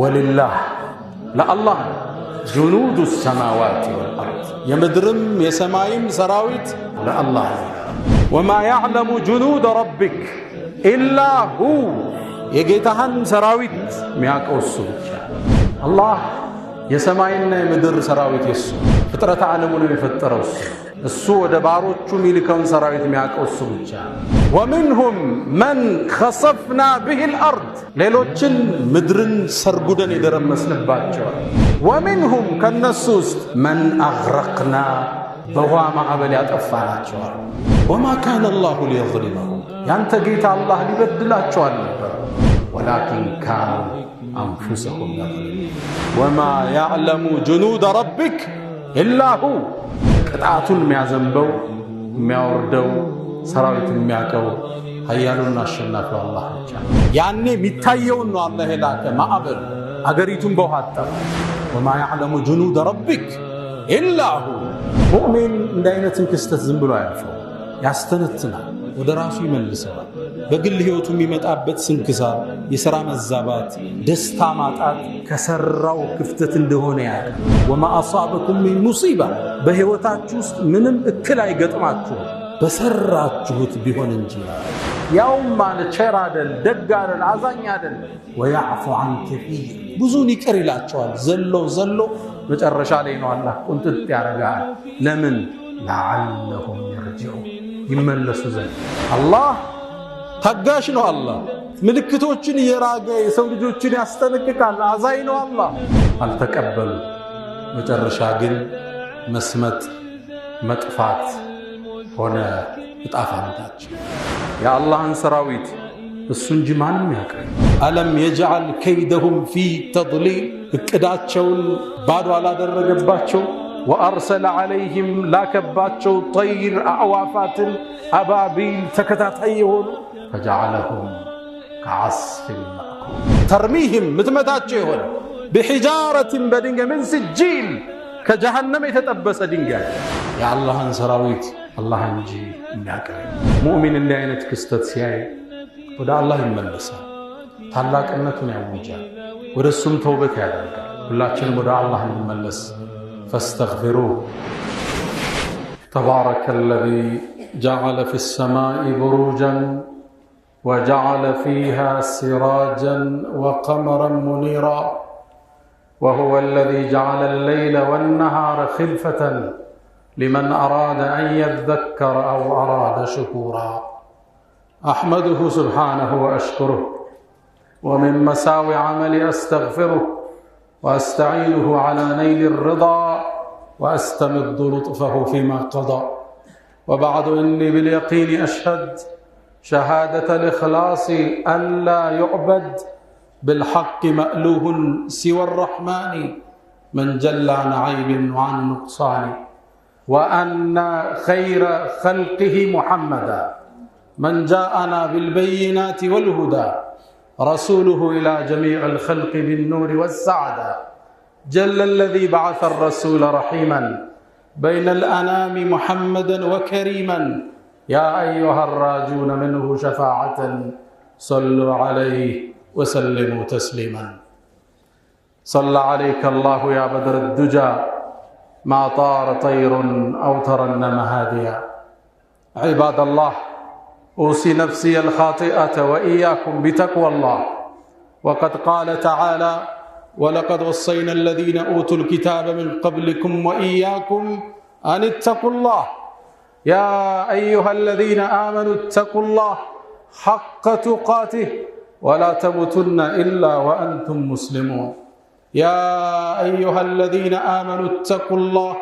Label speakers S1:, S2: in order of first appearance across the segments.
S1: ወልላህ ለአላህ ጁኑዱ ሰማዋት ወልአርድ የምድርም የሰማይም ሰራዊት ለአላህ ወማ ያዕለሙ ጁኑደ ረቢክ ኢላ ሁ የጌታህን ሰራዊት የሚያውቀው እሱ ብቻ። አላህ የሰማይና የምድር ሰራዊት የሱ ፍጥረት ዓለሙንም የፈጠረው እሱ እሱ ወደ ባሮቹ ሚልከውን ሰራዊት የሚያውቀው እሱ ብቻ ወሚንሁም መን ከሰፍና ብሂል አርድ ሌሎችን ምድርን ሰርጉደን የደረመስንባቸዋል። ወሚንሁም ከነሱ ውስጥ መን አግረቅና በውሃ ማዕበል ያጠፋናቸዋል። ወማ ካነ አላሁ ሊየዝሊመሁም ያንተ ጌታ አላህ ሊበድላቸው አልነበር። ወላኪን ካኑ አንፉሰሁም የዝሊሙን ወማ ያዕለሙ ጅኑደ ረቢክ ኢላ ሁ ቅጣቱን የሚያዘንበው የሚያወርደው ሰራዊትን የሚያውቀው ኃያሉና አሸናፊው አላህ ብቻ። ያኔ የሚታየውን ነው አላህ የላከ ማዕበል። አገሪቱን በውሃ አጠረ። ወማ ያዕለሙ ጅኑድ ረቢክ ኢላሁ። ሙእሚን እንደ አይነትን ክስተት ዝም ብሎ አያልፈው፣ ያስተነትናል፣ ወደ ራሱ ይመልሰዋል። በግል ህይወቱ የሚመጣበት ስንክሳር፣ የሥራ መዛባት፣ ደስታ ማጣት ከሠራው ክፍተት እንደሆነ ያቀ ወማ አሳበኩም ሚን ሙሲባ በሕይወታችሁ ውስጥ ምንም እክል አይገጥማችሁም በሰራችሁት ቢሆን እንጂ ያውም አለ ቸር አደል፣ ደግ አደል፣ አዛኝ አደል። ወያዕፉ አን ከፊር ብዙን ይቅር ይላቸዋል። ዘሎ ዘሎ መጨረሻ ላይ ነው አላህ ቁንጥጥ ያደርጋል። ለምን ለዓለሁም የርጅዑ ይመለሱ ዘንድ። አላህ ታጋሽ ነው። አላህ ምልክቶችን እየራገ የሰው ልጆችን ያስጠነቅቃል። አዛኝ ነው አላህ። አልተቀበሉ መጨረሻ ግን መስመጥ መጥፋት ሆነ እጣ ፈንታችን። የአላህን ሰራዊት እሱ እንጂ ማንም ያውቃል። አለም የጀዓል ከይደሁም ፊ ተድሊል እቅዳቸውን ባዶ አላደረገባቸው ወአርሰለ ዓለይህም ላከባቸው ጠይር አዕዋፋትን አባቢል ተከታታይ የሆኑ ፈጀዓለሁም ከዓስፊን ማእኩል ተርሚህም ምትመታቸው የሆነ ብሒጃረትን በድንጋይ ምን ስጂል ከጀሃነም የተጠበሰ ድንጋይ የአላህን ሰራዊት الله نجي إنك مؤمن اللي عينت كستت سياي ودا الله يملسا تعلق أنتم يوم موجا ورسم توبة كذلك ولا تشن ودا الله يملس فاستغفروه تبارك الذي جعل في السماء بروجا وجعل فيها سراجا وقمرا منيرا وهو الذي جعل الليل والنهار خلفه لمن أراد أن يذكر أو أراد شكورا أحمده سبحانه وأشكره ومن مساوي عملي أستغفره وأستعينه على نيل الرضا وأستمد لطفه فيما قضى وبعد إني باليقين أشهد شهادة الإخلاص أن لا يعبد بالحق مألوه سوى الرحمن من جل عن عيب وعن نقصان وأن خير خلقه محمدا من جاءنا بالبينات والهدى رسوله إلى جميع الخلق بالنور والسعادة جل الذي بعث الرسول رحيما بين الأنام محمدا وكريما يا أيها الراجون منه شفاعة صلوا عليه وسلموا تسليما صلى عليك الله يا بدر الدجى ما طار طير أو ترنم هاديا عباد الله أوصي نفسي الخاطئة وإياكم بتقوى الله وقد قال تعالى ولقد وصينا الذين أوتوا الكتاب من قبلكم وإياكم أن اتقوا الله يا أيها الذين آمنوا اتقوا الله حق تقاته ولا تموتن إلا وأنتم مسلمون يا أيها الذين آمنوا اتقوا الله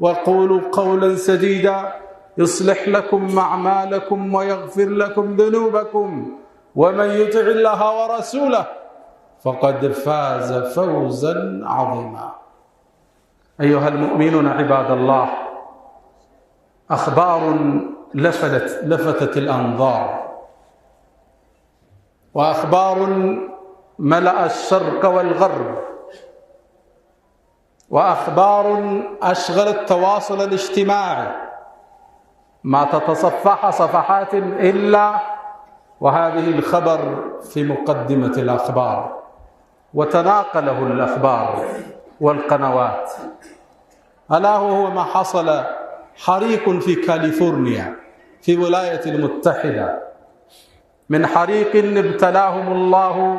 S1: وقولوا قولا سديدا يصلح لكم أعمالكم ويغفر لكم ذنوبكم ومن يطع الله ورسوله فقد فاز فوزا عظيما أيها المؤمنون عباد الله أخبار لفتت, لفتت الأنظار وأخبار ملأ الشرق والغرب وأخبار أشغل التواصل الاجتماعي ما تتصفح صفحات إلا وهذه الخبر في مقدمة الأخبار وتناقله الأخبار والقنوات ألا وهو ما حصل حريق في كاليفورنيا في ولاية المتحدة من حريق ابتلاهم الله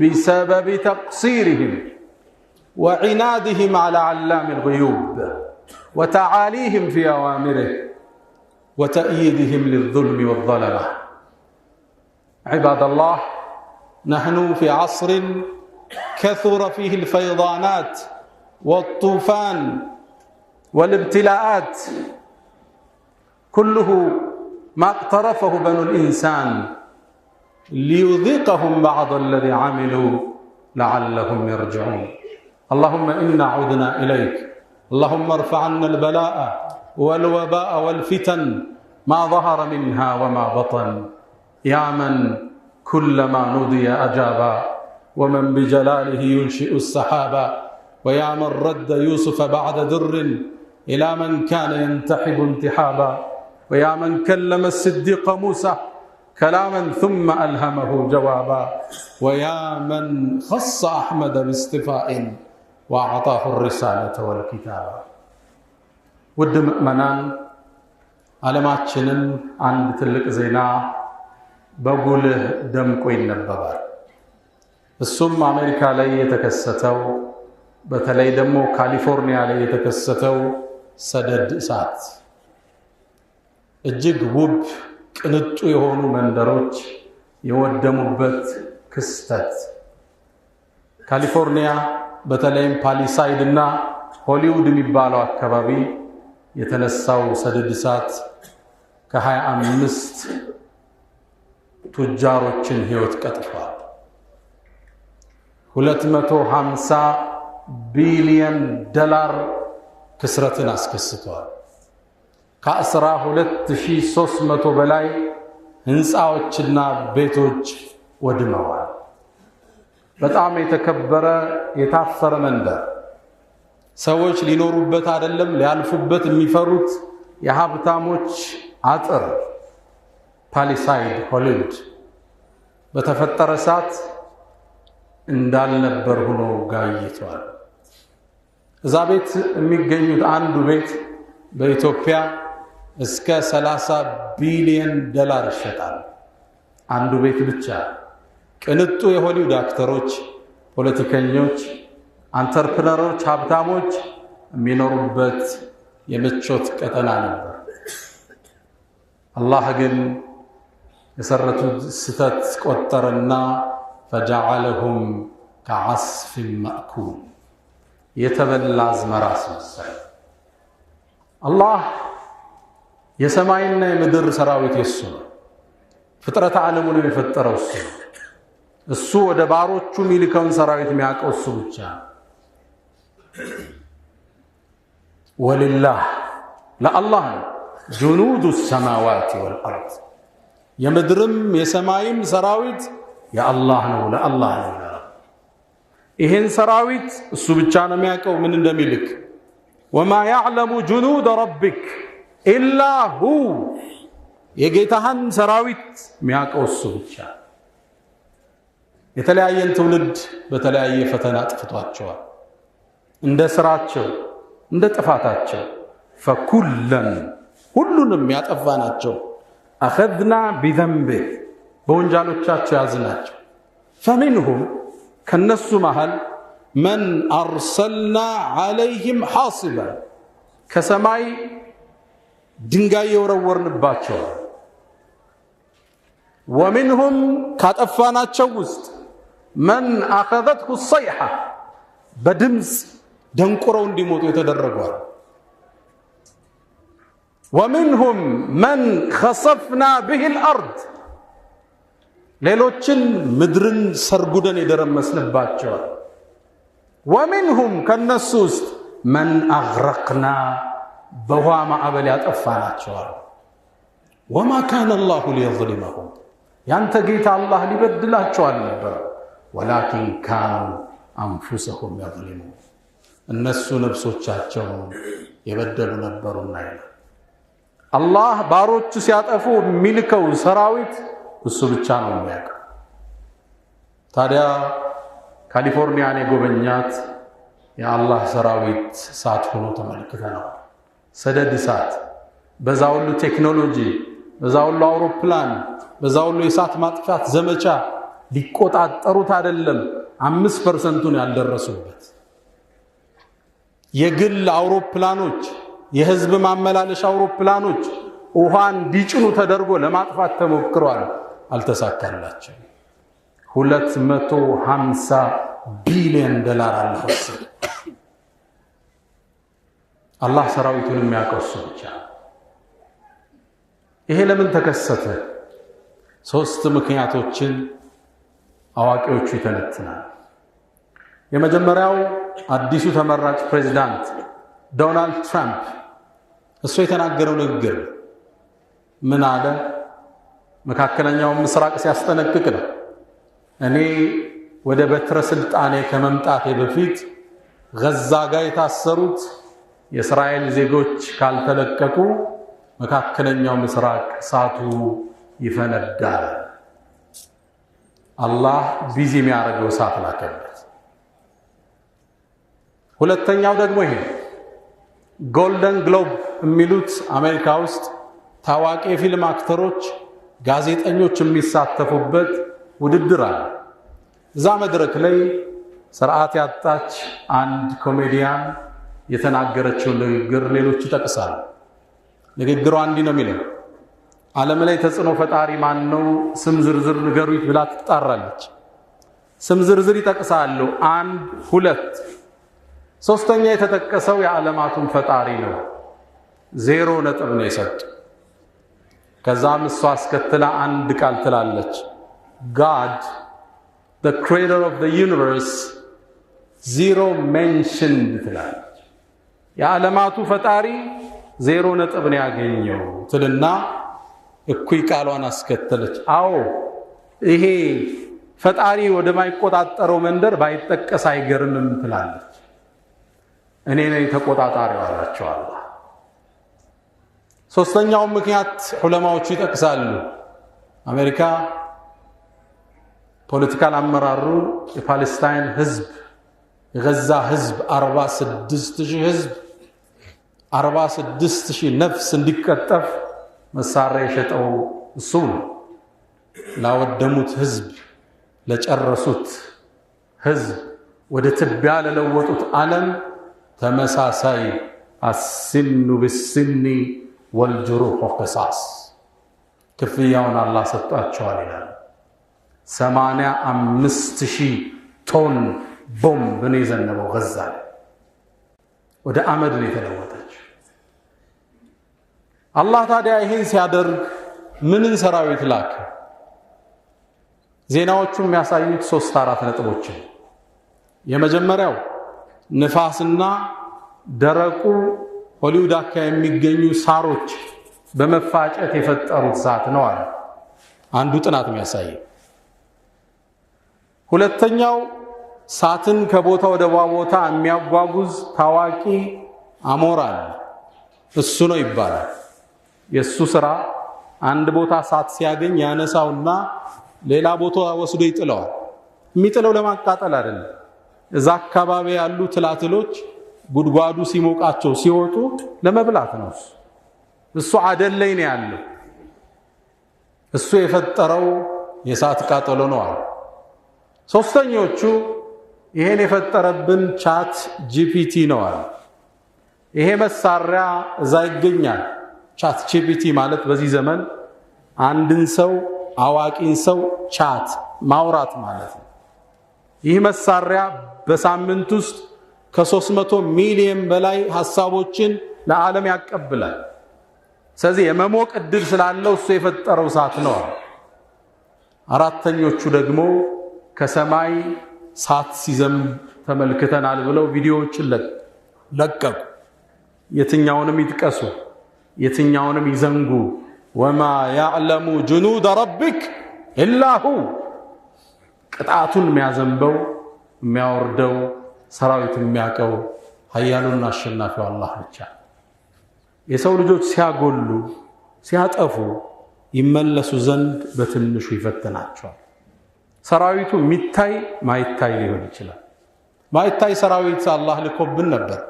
S1: بسبب تقصيرهم وعنادهم على علام الغيوب وتعاليهم في أوامره وتأييدهم للظلم والظلمة عباد الله نحن في عصر كثر فيه الفيضانات والطوفان والابتلاءات كله ما اقترفه بنو الإنسان ليذيقهم بعض الذي عملوا لعلهم يرجعون اللهم إنا عدنا إليك اللهم ارفع عنا البلاء والوباء والفتن ما ظهر منها وما بطن يا من كلما نودي أجابا ومن بجلاله ينشئ السحابا ويا من رد يوسف بعد در إلى من كان ينتحب انتحابا ويا من كلم الصديق موسى كلاما ثم ألهمه جوابا ويا من خص أحمد باصطفاء ወአዕጣሁ ሪሳለተ ወልኪታባ። ውድ ምዕመናን፣ ዓለማችንን አንድ ትልቅ ዜና በጉልህ ደምቆ ይነበባል። እሱም አሜሪካ ላይ የተከሰተው በተለይ ደግሞ ካሊፎርኒያ ላይ የተከሰተው ሰደድ እሳት እጅግ ውብ ቅንጡ የሆኑ መንደሮች የወደሙበት ክስተት ካሊፎርኒያ በተለይም ፓሊሳይድ እና ሆሊውድ የሚባለው አካባቢ የተነሳው ሰደድ እሳት ከ25 ቱጃሮችን ህይወት ቀጥፏል። 250 ቢሊየን ዶላር ክስረትን አስከስቷል። ከ12300 በላይ ህንፃዎችና ቤቶች ወድመዋል። በጣም የተከበረ የታፈረ መንደር ሰዎች ሊኖሩበት አይደለም ሊያልፉበት የሚፈሩት የሀብታሞች አጥር ፓሊሳይድ ሆሊውድ በተፈጠረ ሰዓት እንዳልነበር ሆኖ ጋይቷል። እዛ ቤት የሚገኙት አንዱ ቤት በኢትዮጵያ እስከ 30 ቢሊዮን ዶላር ይሸጣል። አንዱ ቤት ብቻ ቅንጡ የሆሊውድ አክተሮች፣ ፖለቲከኞች፣ አንተርፕነሮች፣ ሀብታሞች የሚኖሩበት የምቾት ቀጠና ነበር። አላህ ግን የሰረቱት ስህተት ቆጠረና ፈጃዓለሁም ከዐስፊን መእኩል የተበላ አዝመራ አስመሰለ። አላህ የሰማይና የምድር ሰራዊት የሱ ነው። ፍጥረት ዓለሙን የፈጠረው እሱ ነው። እሱ ወደ ባሮቹ የሚልከውን ሰራዊት የሚያውቀው እሱ ብቻ። ወልላህ ለአላህ ነው ጁኑዱ ሰማዋት ወልአርድ የምድርም የሰማይም ሰራዊት የአላህ ነው፣ ለአላህ ነው። ይሄን ሰራዊት እሱ ብቻ ነው የሚያውቀው ምን እንደሚልክ። ወማ ያዕለሙ ጁኑደ ረቢክ ኢላ ሁ የጌታህን ሰራዊት የሚያውቀው እሱ ብቻ የተለያየን ትውልድ በተለያየ ፈተና ጥፍቷቸዋል። እንደ ስራቸው እንደ ጥፋታቸው ፈኩለን ሁሉንም ያጠፋ ናቸው። አኸዝና ቢዘንቤ በወንጃሎቻቸው ናቸው። ፈሚንሁም ከነሱ መሃል መን አርሰልና ዓለይህም ሓስበ ከሰማይ ድንጋይ የወረወርንባቸዋል። ወሚንሁም ካጠፋናቸው ውስጥ መን አኸዘትሁ ሰይሐ በድምፅ ደንቁረው እንዲሞቱ የተደረጓል። ወሚንሁም መን ከሰፍና ብሂ ልአርድ ሌሎችን ምድርን ሰርጉደን የደረመስንባቸዋል። ወሚንሁም ከነሱ ውስጥ መን አግረቅና በውሃ ማዕበል ያጠፋናቸዋል። ወማ ካነ አላሁ ሊየዝሊመሁም ያንተ ጌታ አላህ ሊበድላቸው አልነበረም። ወላኪን ካኑ አንፉሰሁም ያዝሊሙ እነሱ ነፍሶቻቸውን የበደሉ ነበሩና ይላል። አላህ ባሮቹ ሲያጠፉ የሚልከው ሰራዊት እሱ ብቻ ነው የሚያውቀው። ታዲያ ካሊፎርኒያን የጎበኛት የአላህ ሰራዊት እሳት ሆኖ ነው። ሰደድ እሳት፣ በዛ ሁሉ ቴክኖሎጂ፣ በዛ ሁሉ አውሮፕላን፣ በዛ ሁሉ የእሳት ማጥፋት ዘመቻ ሊቆጣጠሩት አይደለም አምስት ፐርሰንቱን ያልደረሱበት የግል አውሮፕላኖች፣ የህዝብ ማመላለሻ አውሮፕላኖች ውሃ እንዲጭኑ ተደርጎ ለማጥፋት ተሞክሯል። አልተሳካላቸው። 250 ቢሊዮን ዶላር አላህ አላህ ሰራዊቱን የሚያቀሱ ብቻ። ይሄ ለምን ተከሰተ? ሶስት ምክንያቶችን አዋቂዎቹ ይተነትናል። የመጀመሪያው አዲሱ ተመራጭ ፕሬዚዳንት ዶናልድ ትራምፕ እሱ የተናገረው ንግግር ምን አለ? መካከለኛውን ምስራቅ ሲያስጠነቅቅ ነው። እኔ ወደ በትረ ስልጣኔ ከመምጣቴ በፊት ገዛ ጋር የታሰሩት የእስራኤል ዜጎች ካልተለቀቁ መካከለኛው ምስራቅ እሳቱ ይፈነዳል አላህ ቢዚ የሚያደርገው እሳት ላከበት። ሁለተኛው ደግሞ ይሄ ጎልደን ግሎብ የሚሉት አሜሪካ ውስጥ ታዋቂ የፊልም አክተሮች፣ ጋዜጠኞች የሚሳተፉበት ውድድር አለ። እዛ መድረክ ላይ ስርዓት ያጣች አንድ ኮሜዲያን የተናገረችውን ንግግር ሌሎች ይጠቅሳሉ። ንግግሯ እንዲህ ነው የሚለው ዓለም ላይ ተጽዕኖ ፈጣሪ ማን ነው? ስም ዝርዝር ንገሩኝ ብላ ትጣራለች። ስም ዝርዝር ይጠቅሳሉ። አንድ ሁለት፣ ሶስተኛ የተጠቀሰው የዓለማቱን ፈጣሪ ነው። ዜሮ ነጥብ ነው የሰጡ። ከዛም እሷ አስከትላ አንድ ቃል ትላለች ጋድ the creator of the universe zero mentioned ትላለች። የዓለማቱ ፈጣሪ ዜሮ ነጥብ ነው ያገኘው ትልና እኩይ ቃሏን አስከተለች። አዎ ይሄ ፈጣሪ ወደማይቆጣጠረው መንደር ባይጠቀስ አይገርምም ትላለች። እኔ ነኝ ተቆጣጣሪ አላቸው አላህ። ሶስተኛውን ምክንያት ዑለማዎቹ ይጠቅሳሉ። አሜሪካ ፖለቲካል አመራሩ የፓለስታይን ህዝብ የገዛ ህዝብ 46 ሺህ ህዝብ 46 ሺህ ነፍስ እንዲቀጠፍ መሳሪያ የሸጠው እሱ ነው። ላወደሙት ህዝብ፣ ለጨረሱት ህዝብ፣ ወደ ትቢያ ለለወጡት ዓለም ተመሳሳይ አስኑ ብስኒ ወልጅሩሑ ቅሳስ ክፍያውን አላህ ሰጥቷቸዋል ይላል። ሰማንያ አምስት ሺህ ቶን ቦምብ ነው የዘነበው። ገዛ ወደ አመድ ነው የተለወጠ አላህ ታዲያ ይህን ሲያደርግ ምንን ሰራዊት ላከ? ዜናዎቹ የሚያሳዩት ሶስት አራት ነጥቦች! የመጀመሪያው ንፋስና ደረቁ ሆሊውዳካ የሚገኙ ሳሮች በመፋጨት የፈጠሩት እሳት ነው አለ አንዱ ጥናት የሚያሳየው። ሁለተኛው ሳትን ከቦታ ወደ ቦታ የሚያጓጉዝ ታዋቂ አሞራ አለ። እሱ ነው ይባላል። የእሱ ስራ አንድ ቦታ እሳት ሲያገኝ ያነሳውና ሌላ ቦታ ወስዶ ይጥለዋል። የሚጥለው ለማቃጠል አይደለም። እዛ አካባቢ ያሉ ትላትሎች ጉድጓዱ ሲሞቃቸው ሲወጡ ለመብላት ነው። እሱ አደለኝ ነው ያለው። እሱ የፈጠረው የእሳት ቃጠሎ ነው አሉ። ሶስተኞቹ ይሄን የፈጠረብን ቻት ጂፒቲ ነው አሉ። ይሄ መሳሪያ እዛ ይገኛል ቻት ጂፒቲ ማለት በዚህ ዘመን አንድን ሰው አዋቂን ሰው ቻት ማውራት ማለት ነው። ይህ መሳሪያ በሳምንት ውስጥ ከ300 ሚሊዮን በላይ ሀሳቦችን ለዓለም ያቀብላል። ስለዚህ የመሞቅ እድል ስላለው እሱ የፈጠረው እሳት ነው። አራተኞቹ ደግሞ ከሰማይ እሳት ሲዘም ተመልክተናል ብለው ቪዲዮዎችን ለቀቁ። የትኛውንም ይጥቀሱ። የትኛውንም ይዘንጉ። ወማ ያዕለሙ ጅኑድ ረቢክ ኢላሁ ቅጣቱን የሚያዘንበው የሚያወርደው ሰራዊት የሚያውቀው ኃያሉና አሸናፊው አላህ ብቻ። የሰው ልጆች ሲያጎሉ ሲያጠፉ ይመለሱ ዘንድ በትንሹ ይፈትናቸዋል። ሰራዊቱ የሚታይ ማይታይ ሊሆን ይችላል። ማይታይ ሰራዊት አላህ ልኮብን ነበር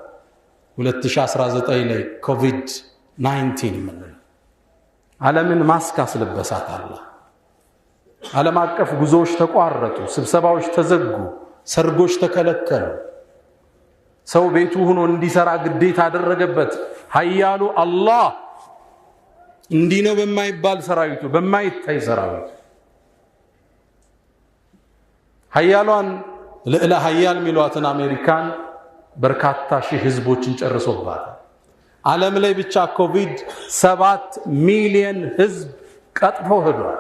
S1: 2019 ላይ ኮቪድ ናይንቲን የምንለው ዓለምን ማስክ አስለበሳት አለ። ዓለም አቀፍ ጉዞዎች ተቋረጡ፣ ስብሰባዎች ተዘጉ፣ ሰርጎች ተከለከሉ። ሰው ቤቱ ሆኖ እንዲሰራ ግዴታ አደረገበት። ሀያሉ አላህ እንዲህ ነው በማይባል ሰራዊቱ በማይታይ ሰራዊቱ ሀያሏን ልዕለ ሀያል ሚሏትን አሜሪካን በርካታ ሺህ ህዝቦችን ጨርሶባት ዓለም ላይ ብቻ ኮቪድ ሰባት ሚሊየን ህዝብ ቀጥፎ ሄዷል።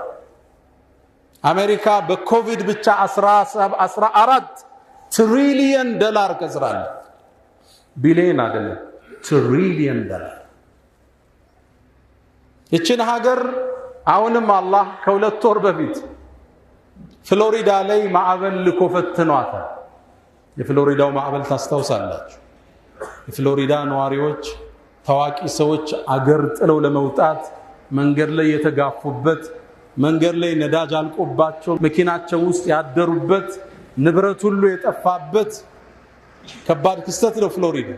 S1: አሜሪካ በኮቪድ ብቻ 14 ትሪሊየን ዶላር ከስራለች። ቢሊየን አይደለም ትሪሊየን ዶላር። ይችን ሀገር አሁንም አላህ ከሁለት ወር በፊት ፍሎሪዳ ላይ ማዕበል ልኮ ፈትኗታል። የፍሎሪዳው ማዕበል ታስታውሳላችሁ። የፍሎሪዳ ነዋሪዎች ታዋቂ ሰዎች አገር ጥለው ለመውጣት መንገድ ላይ የተጋፉበት፣ መንገድ ላይ ነዳጅ አልቆባቸው መኪናቸው ውስጥ ያደሩበት፣ ንብረት ሁሉ የጠፋበት ከባድ ክስተት ነው። ፍሎሪዳ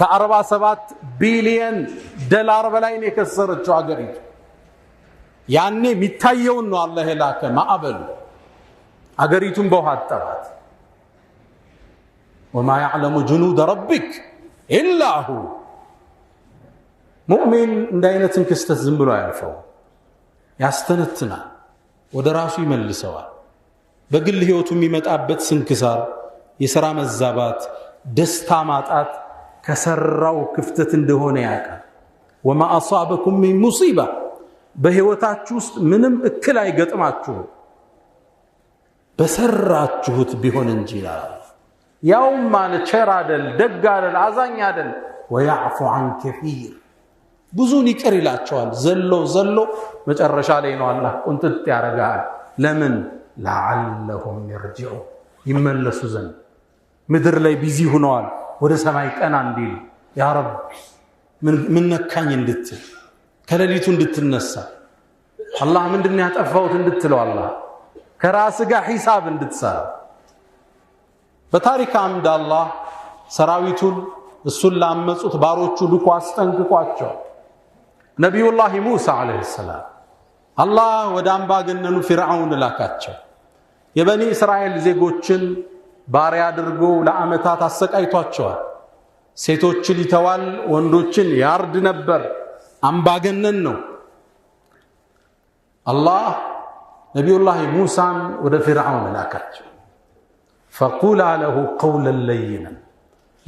S1: ከ47 ቢሊየን ዶላር በላይ ነው የከሰረችው ሀገሪቱ። ያኔ የሚታየውን ነው አላህ የላከ ማዕበሉ። አገሪቱን በውሃ አጠባት። ወማ ያዕለሙ ጅኑድ ረቢክ ኢላሁ ሙእሚን እንደ አይነትን ክስተት ዝም ብሎ አያልፈው፣ ያስተነትናል፣ ወደ ራሱ ይመልሰዋል። በግል ህይወቱ የሚመጣበት ስንክሳር፣ የሥራ መዛባት፣ ደስታ ማጣት ከሰራው ክፍተት እንደሆነ ያውቃል። ወማ አሳበኩም ሚን ሙሲባ በሕይወታችሁ ውስጥ ምንም እክል አይገጥማችሁ በሰራችሁት ቢሆን እንጂ ይላል። ያውም አለ ቸር አደል፣ ደግ አደል፣ አዛኝ አደል። ወያዕፉ አን ከፊር ብዙን ይቅር ይላቸዋል። ዘሎ ዘሎ መጨረሻ ላይ ነው አላህ ቁንጥጥ ያደርጋል። ለምን ለዓለሁም የርጅዑ ይመለሱ ዘንድ ምድር ላይ ቢዚ ሆነዋል። ወደ ሰማይ ቀና እንዲሉ ያ ረብ ምነካኝ እንድትል ከሌሊቱ እንድትነሳ አላህ ምንድን ያጠፋሁት እንድትለው አላህ ከራስ ጋር ሂሳብ እንድትሰራ በታሪክ አምድ አላህ ሰራዊቱን እሱን ላመጹት ባሮቹ ልኮ አስጠንቅቋቸው። ነቢዩላህ ሙሳ ዓለይሂ ሰላም አላህ ወደ አምባገነኑ ፊርዓውን ላካቸው። የበኒ እስራኤል ዜጎችን ባሪያ አድርጎ ለዓመታት አሰቃይቷቸዋል። ሴቶችን ይተዋል፣ ወንዶችን ያርድ ነበር። አምባገነን ነው። አላህ ነቢዩላህ ሙሳን ወደ ፊርዓውን ላካቸው። ፈቁላ ለሁ ቀውለን ለይነን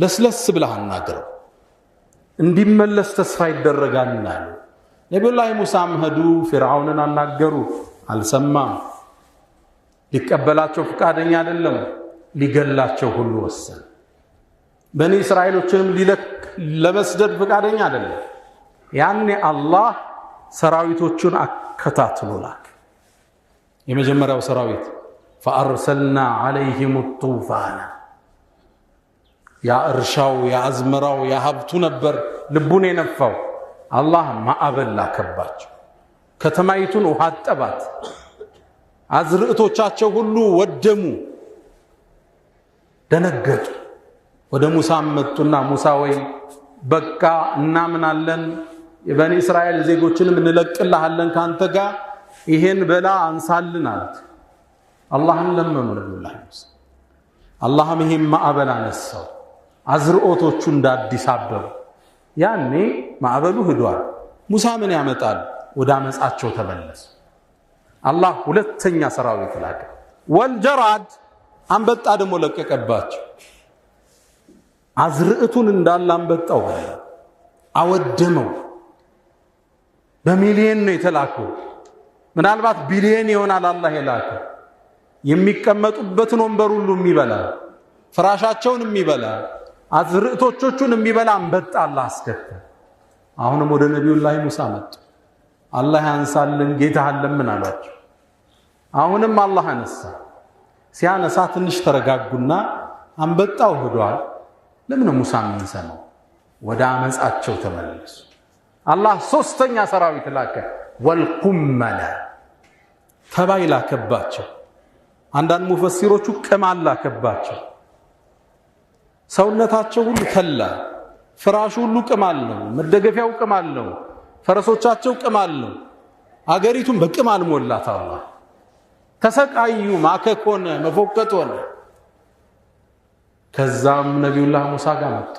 S1: ለስለስ ብለህ አናግረው እንዲመለስ ተስፋ ይደረጋል አሉ። ነቢዩላህ ሙሳ ሄዱ፣ ፊርዓውንን አናገሩ፣ አልሰማም። ሊቀበላቸው ፈቃደኛ አይደለም። ሊገላቸው ሁሉ ወሰነ። በኒ እስራኤሎችንም ሊለክ ለመስደድ ፈቃደኛ አይደለም። ያኔ አላህ ሰራዊቶቹን አከታትሎ ላክ። የመጀመሪያው ሰራዊት ፈአርሰልና ዓለይህም ጡፋና ያ እርሻው የአዝመራው የሀብቱ ነበር ልቡን የነፋው። አላህ ማዕበል ላከባቸው። ከተማይቱን ውሃ አጠባት። አዝርዕቶቻቸው ሁሉ ወደሙ፣ ደነገጡ። ወደ ሙሳም መጡና ሙሳ ወይ በቃ እናምናለን፣ የበኒ እስራኤል ዜጎችንም እንለቅልሃለን፣ ከአንተ ጋር ይሄን በላ አንሳልን አሉት። አላህን ለመኑ ነቢዩላ ሙሳ አላህም ይሄን ማዕበል አነሳው። አዝርኦቶቹ እንደ አዲስ አበቡ። ያኔ ማዕበሉ ሂዷል። ሙሳ ምን ያመጣል? ወደ አመፃቸው ተመለሱ። አላህ ሁለተኛ ሰራዊት ላከ። ወልጀራድ አንበጣ ደግሞ ለቀቀባቸው። አዝርዕቱን እንዳለ አንበጣው አወደመው። በሚሊየን ነው የተላከው። ምናልባት ቢሊየን ይሆናል አላህ የላከው የሚቀመጡበትን ወንበር ሁሉ የሚበላ ፍራሻቸውን የሚበላ አዝርዕቶቹን የሚበላ አንበጣ አላህ አስከተለ። አሁንም ወደ ነቢዩላህ ሙሳ መጡ። አላህ ያንሳልን ጌታህን ለምን አሏቸው። አሁንም አላህ አነሳ። ሲያነሳ ትንሽ ተረጋጉና አንበጣው ሄዷል፣ ለምን ሙሳ የምንሰማው? ወደ አመፃቸው ተመለሱ። አላህ ሶስተኛ ሰራዊት ላከ፣ ወልቁመለ ተባይ ላከባቸው። አንዳንድ ሙፈሲሮቹ ቅማል አላከባቸው ሰውነታቸው ሁሉ ተላ፣ ፍራሹ ሁሉ ቅም አለው መደገፊያው ቅም አለው ፈረሶቻቸው ቅም አለው አገሪቱን በቅም አልሞላት አላህ ተሰቃዩ። ማከክ ሆነ፣ መፎቀጥ ሆነ። ከዛም ነቢዩላህ ሙሳ ጋር መጡ።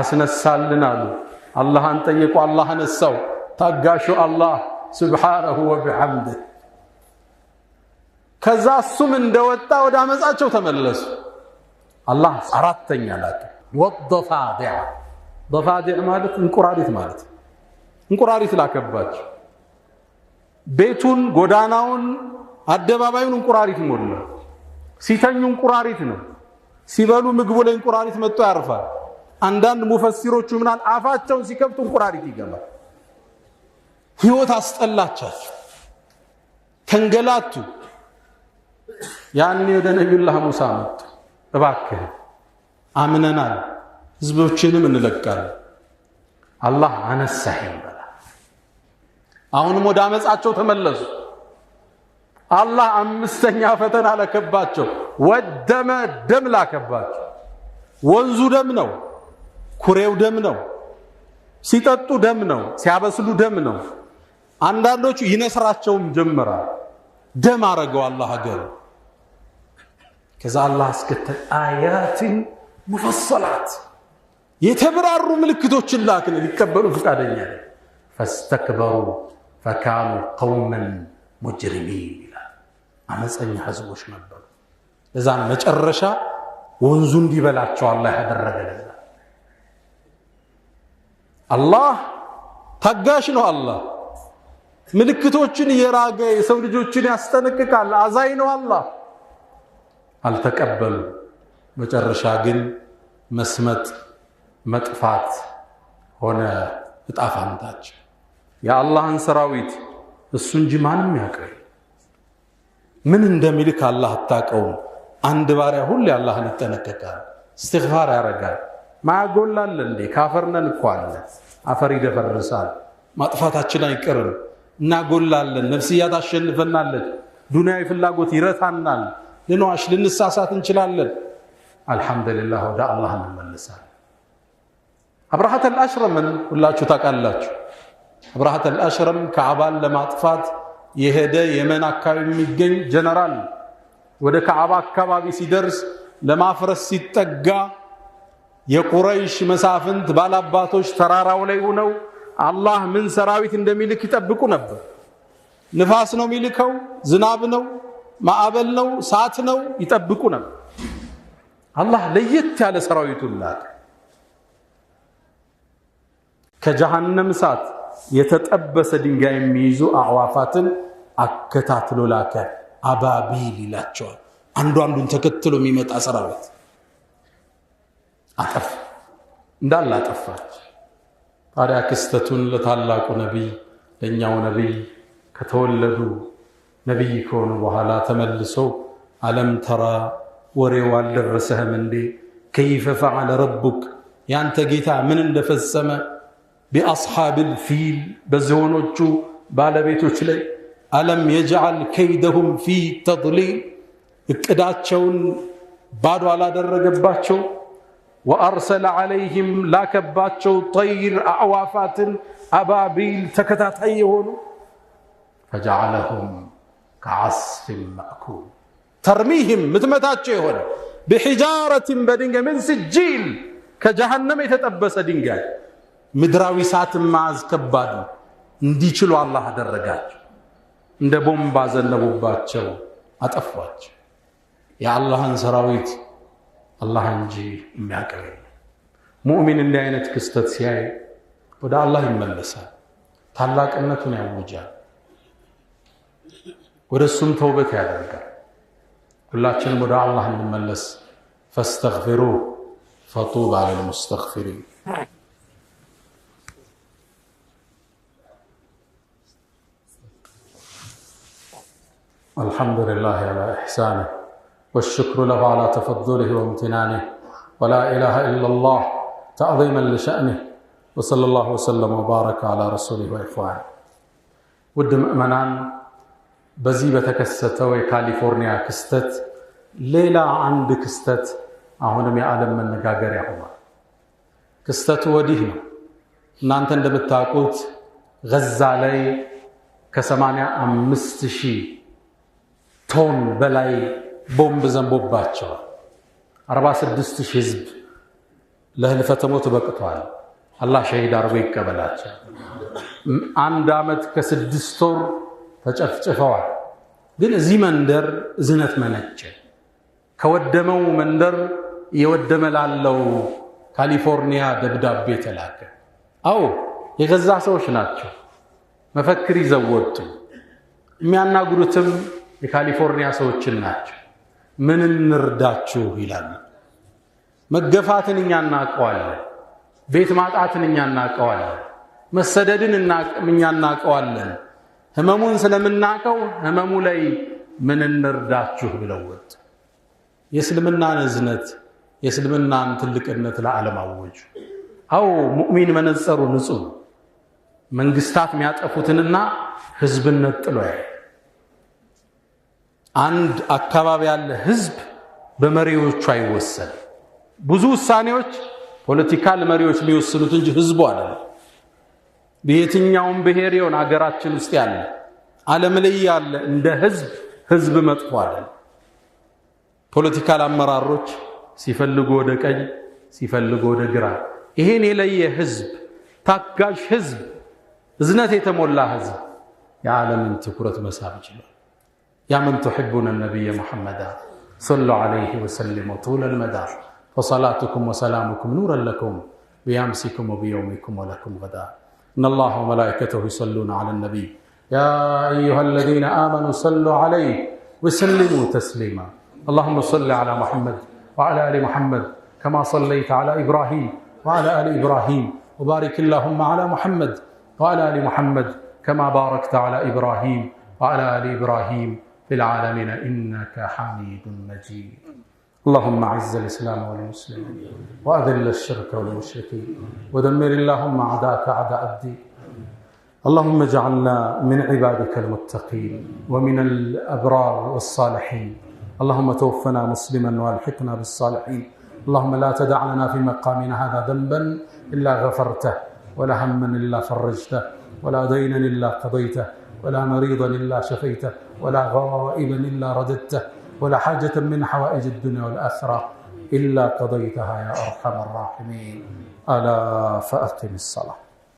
S1: አስነሳልን አሉ። አላህን ጠየቁ፣ አላህ አነሳው። ታጋሹ አላህ ሱብሃነሁ ወቢሐምድህ ከዛ እሱም እንደወጣ ወደ አመፃቸው ተመለሱ። አላህ አራተኛ ላቸው ወደፋዲዕ ደፋዲዕ ማለት እንቁራሪት ማለት እንቁራሪት ላከባቸው። ቤቱን፣ ጎዳናውን፣ አደባባዩን እንቁራሪት ሞላ። ሲተኙ እንቁራሪት ነው። ሲበሉ ምግቡ ላይ እንቁራሪት መጥቶ ያርፋል። አንዳንድ ሙፈሲሮቹ ምናል አፋቸውን ሲከፍቱ እንቁራሪት ይገባል። ህይወት አስጠላቻቸው፣ ተንገላቱ። ያኔ ወደ ነቢዩላህ ሙሳ መጡ። እባክህ አምነናል፣ ህዝቦችንም እንለቃለን። አላህ አነሳህም በላ። አሁንም ወደ አመፃቸው ተመለሱ። አላህ አምስተኛ ፈተና ላከባቸው። ወደመ ደም ላከባቸው። ወንዙ ደም ነው፣ ኩሬው ደም ነው፣ ሲጠጡ ደም ነው፣ ሲያበስሉ ደም ነው። አንዳንዶቹ ይነስራቸውም ጀመራ። ደም አረገው አላህ ሀገሩ ከዛ አላህ አስከተል አያትን ሙፈሰላት የተብራሩ ምልክቶችን ላክን ሊቀበሉ ፈቃደኛ ነን። ፈስተክበሩ ፈካኑ ቀውመን ሙጅሪሚን ይላል። አመፀኛ ህዝቦች ነበሩ። እዛን መጨረሻ ወንዙ እንዲበላቸው አላህ ያደረገለዛ አላህ ታጋሽ ነው። አላህ ምልክቶችን እየራገ የሰው ልጆችን ያስጠነቅቃል። አዛኝ ነው አላህ አልተቀበሉ። መጨረሻ ግን መስመጥ መጥፋት ሆነ እጣ ፋንታቸው። የአላህን ሰራዊት እሱ እንጂ ማንም ያውቃል። ምን እንደሚልክ አላህ አታውቀውም። አንድ ባሪያ ሁሌ አላህን ይጠነቀቃል፣ እስትግፋር ያደርጋል። ማያጎላለ እንዴ ካፈርነን እኮ አለ። አፈር ይደፈርሳል። ማጥፋታችን አይቀርም። እናጎላለን። ነፍስያ ታሸንፈናለች። ዱንያዊ ፍላጎት ይረታናል። ልንዋሽ ልንሳሳት እንችላለን። አልሐምዱሊላህ ወደ አላህ እንመልሳለን። አብርሃተል አሽረምን ሁላችሁ ታውቃላችሁ። አብርሃተል አሽረም ከዓባን ለማጥፋት የሄደ የመን አካባቢ የሚገኝ ጀነራል ወደ ከዓባ አካባቢ ሲደርስ ለማፍረስ ሲጠጋ የቁረይሽ መሳፍንት ባላባቶች ተራራው ላይ ሆነው አላህ ምን ሰራዊት እንደሚልክ ይጠብቁ ነበር። ንፋስ ነው የሚልከው? ዝናብ ነው ማዕበል ነው፣ ሰዓት ነው፣ ይጠብቁ ነው። አላህ ለየት ያለ ሰራዊቱን ላከ። ከጀሃነም እሳት የተጠበሰ ድንጋይ የሚይዙ አዕዋፋትን አከታትሎ ላከ። አባቢል ይላቸዋል። አንዱ አንዱን ተከትሎ የሚመጣ ሰራዊት አጠፍ እንዳለ አጠፋች። ታዲያ ክስተቱን ለታላቁ ነቢይ ለእኛው ነቢይ ከተወለዱ ነቢይ ከሆኑ በኋላ ተመልሰው አለም ተራ ወሬው አልደረሰህም እንዴ ከይፈ ፈዓለ ረቡክ ያንተ ጌታ ምን እንደፈጸመ ቢአስሓብል ፊል በዝሆኖቹ ባለቤቶች ላይ አለም የጅዓል ከይደሁም ፊ ተድሊል እቅዳቸውን ባዶ አላደረገባቸው ወአርሰለ ዓለይህም ላከባቸው ጠይር አዕዋፋትን አባቢል ተከታታይ የሆኑ ፈጀዓለሁም ከአስፍን ማእኩል ተርሚህም ምትመታቸው የሆነ ብሒጃረትን በድንጋይ ምን ስጂል ከጀሃነም የተጠበሰ ድንጋይ ምድራዊ እሳትን ማዝ ከባድ ነው። እንዲችሉ አላህ አደረጋቸው። እንደ ቦምባ ዘነቡባቸው፣ አጠፏቸው። የአላህን ሰራዊት አላህ እንጂ የሚያቀር ሙእሚን እንዲህ አይነት ክስተት ሲያይ ወደ አላህ ይመለሳል፣ ታላቅነቱን ያውጃል። ወደ እሱም ተውበት ያደርጋል። ሁላችንም ወደ አላህ እንመለስ። ፈስተግፊሩ ፈጡባ ልልሙስተግፊሪን الحمد لله على إحسانه والشكر له على تفضله وامتنانه ولا إله إلا الله تعظيما لشأنه وصلى الله وسلم وبارك على رسوله وإخوانه ود مؤمنان በዚህ በተከሰተው የካሊፎርኒያ ክስተት ሌላ አንድ ክስተት አሁንም የዓለም መነጋገሪያ ሆኗል። ክስተቱ ወዲህ ነው። እናንተ እንደምታውቁት ገዛ ላይ ከ አምስት ሺህ ቶን በላይ ቦምብ ዘንቦባቸዋል። 46 ሺህ ህዝብ ለህልፈተ ሞት በቅቷል። አላህ ሸሂድ አድርጎ ይቀበላቸው። አንድ ዓመት ከስድስት ወር ተጨፍጭፈዋል። ግን እዚህ መንደር እዝነት መነጨ። ከወደመው መንደር እየወደመ ላለው ካሊፎርኒያ ደብዳቤ ተላከ። አዎ የገዛ ሰዎች ናቸው። መፈክር ይዘው ወጡ። የሚያናግሩትም የካሊፎርኒያ ሰዎችን ናቸው። ምን እንርዳችሁ ይላሉ። መገፋትን እኛ እናቀዋለን። ቤት ማጣትን እኛ እናቀዋለን። መሰደድን እኛ እናቀዋለን። ህመሙን ስለምናቀው ህመሙ ላይ ምን እንርዳችሁ ብለው ወጡ። የእስልምናን እዝነት የእስልምናን ትልቅነት ለዓለም አወጁ። አዎ ሙእሚን መነጸሩ ንጹህ መንግስታት የሚያጠፉትንና ህዝብነት ጥሎ አንድ አካባቢ ያለ ህዝብ በመሪዎቹ አይወሰን። ብዙ ውሳኔዎች ፖለቲካል መሪዎች የሚወስኑት እንጂ ህዝቡ አይደለም። በየትኛውም ብሔር ይሆን ሀገራችን ውስጥ ያለ ዓለም ላይ ያለ እንደ ህዝብ ህዝብ መጥፎ አለ። ፖለቲካል አመራሮች ሲፈልጉ ወደ ቀኝ፣ ሲፈልጉ ወደ ግራ፣ ይሄን የለየ ህዝብ፣ ታጋሽ ህዝብ፣ እዝነት የተሞላ ህዝብ የዓለምን ትኩረት መሳብ ይችላል። ያመን ትሕቡነ ነቢየ ሙሐመዳ صሉ عليه وسلموا طول المدى فصلاتكم وسلامكم نورا لكم بأمسكم وبيومكم ولكم غدا إن الله وملائكته يصلون على النبي يا أيها الذين آمنوا صلوا عليه وسلموا تسليما اللهم صل على محمد وعلى آل محمد كما صليت على إبراهيم وعلى آل إبراهيم وبارك اللهم على محمد وعلى آل محمد كما باركت على إبراهيم وعلى آل إبراهيم في العالمين إنك حميد مجيد اللهم اعز الاسلام والمسلمين واذل الشرك والمشركين ودمر اللهم اعداءك اعداء الدين اللهم اجعلنا من عبادك المتقين ومن الابرار والصالحين اللهم توفنا مسلما والحقنا بالصالحين اللهم لا تدع لنا في مقامنا هذا ذنبا الا غفرته ولا هما الا فرجته ولا دينا الا قضيته ولا مريضا الا شفيته ولا غائبا الا رددته ولا حاجة من حوائج الدنيا والآخرة إلا قضيتها يا أرحم الراحمين ألا فأقم الصلاة